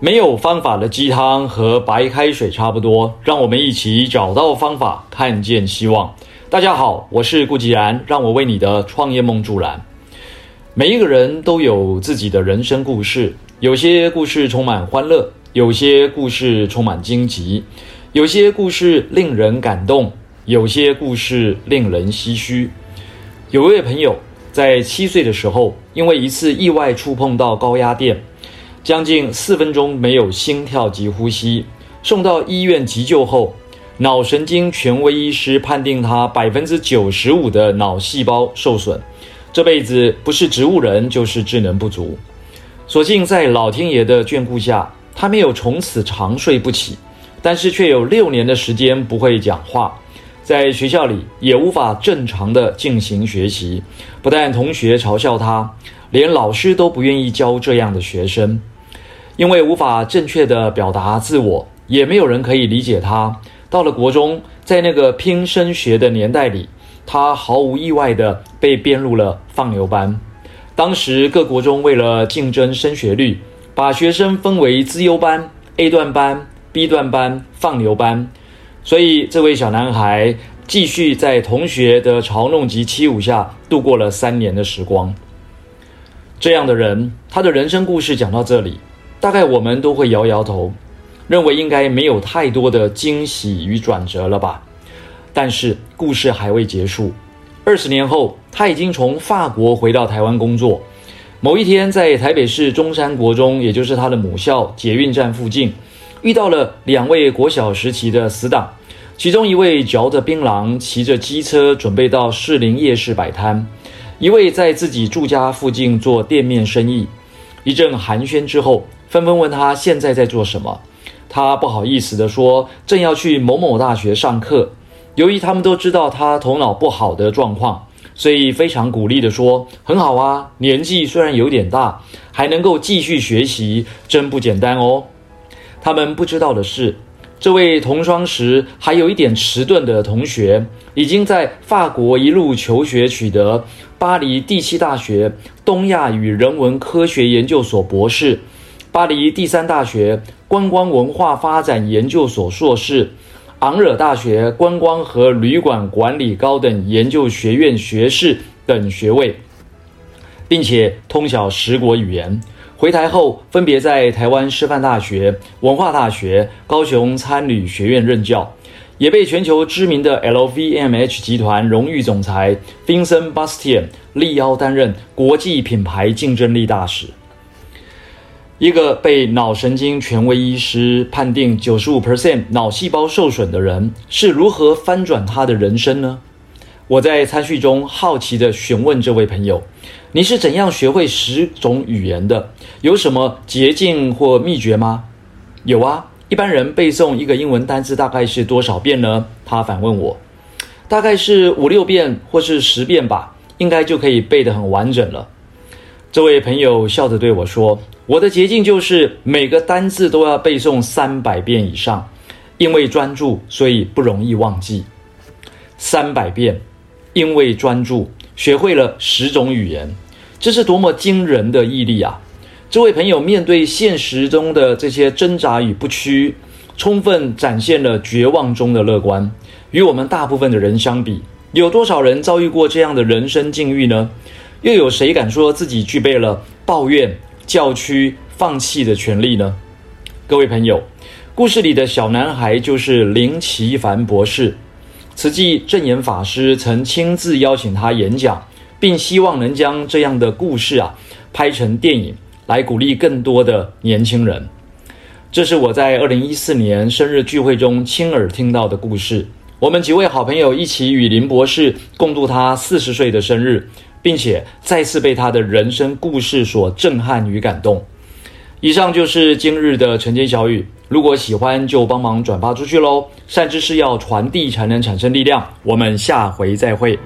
沒有方法的雞湯和白開水差不多，讓我們一起找到方法，看見希望。大家好，我是顧吉然，讓我為你的創業夢助燃。每一個人都有自己的人生故事，有些故事充滿歡樂，有些故事充滿荊棘，有些故事令人感動，有些故事令人唏噓。有一位朋友在七歲的時候，因為一次意外觸碰到高壓電。將近四分鐘沒有心跳及呼吸，送到醫院急救後，腦神經權威醫師判定他百分之九十五的腦細胞受損，這輩子不是植物人就是智能不足。所幸在老天爺的眷顧下，他沒有從此長睡不起，但是卻有六年的時間不會講話，在學校裡也無法正常地進行學習，不但同學嘲笑他，連老師都不願意教這樣的學生。因為無法正確的表達自我，也沒有人可以理解他。到了國中，在那個拼升學的年代裡，他毫無意外的被編入了放牛班。當時各國中為了競爭升學率，把學生分為資優班、A 段班、B 段班、放牛班。所以這位小男孩繼續在同學的嘲弄及欺侮下度過了三年的時光。這樣的人，他的人生故事講到這裡。大概我們都會搖搖頭，認為應該沒有太多的驚喜與轉折了吧。但是故事還未結束。二十年後，他已經從法國回到台灣工作。某一天，在台北市中山國中，也就是他的母校，捷運站附近，遇到了兩位國小時期的死黨。其中一位嚼着檳榔，騎着機車，準備到士林夜市擺攤；一位在自己住家附近做店面生意。一陣寒暄之後。紛紛問他現在在做什麼，他不好意思地說：“正要去某某大學上課。”由於他們都知道他頭腦不好的狀況，所以非常鼓勵地說：“很好啊，年紀雖然有點大，還能夠繼續學習，真不簡單哦。”他們不知道的是，這位同窗時還有一點遲鈍的同學，已經在法國一路求學，取得巴黎第七大學東亞與人文科學研究所博士。巴黎第三大學觀光文化發展研究所碩士，昂熱大學觀光和旅館管理高等研究學院學士等學位，並且通曉十國語言。回台後，分別在台灣師範大學、文化大學、高雄餐旅學院任教，也被全球知名的 LVMH 集團榮譽總裁 Vinson Bastien 力邀擔任國際品牌競爭力大使。一個被腦神經權威醫師判定九十五 percent 腦細胞受損的人是如何翻轉他的人生呢？我在餐敘中好奇地詢問這位朋友：“你是怎樣學會十種語言的？有什麼捷徑或秘訣嗎？”“有啊，一般人背誦一個英文單詞大概是多少遍呢？”他反問我：“大概是五六遍或是十遍吧，應該就可以背得很完整了。”這位朋友笑着對我說。我的捷徑就是每個單字都要背誦三百遍以上，因為專注，所以不容易忘記。三百遍，因為專注，學會了十種語言，這是多麼驚人的毅力啊！這位朋友面對現實中的這些掙扎與不屈，充分展現了絕望中的樂觀。與我們大部分的人相比，有多少人遭遇過這樣的人生境遇呢？又有誰敢說自己具備了抱怨？教區放棄的權利呢？各位朋友，故事裡的小男孩就是林奇凡博士。慈濟證嚴法師曾親自邀請他演講，並希望能將這樣的故事啊拍成電影，來鼓勵更多的年輕人。這是我在二零一四年生日聚會中親耳聽到的故事。我們幾位好朋友一起與林博士共度他四十歲的生日。並且再次被他的人生故事所震撼與感動。以上就是今日的晨間小語，如果喜歡就幫忙轉發出去嘍！善知識要傳遞才能產生力量。我們下回再會。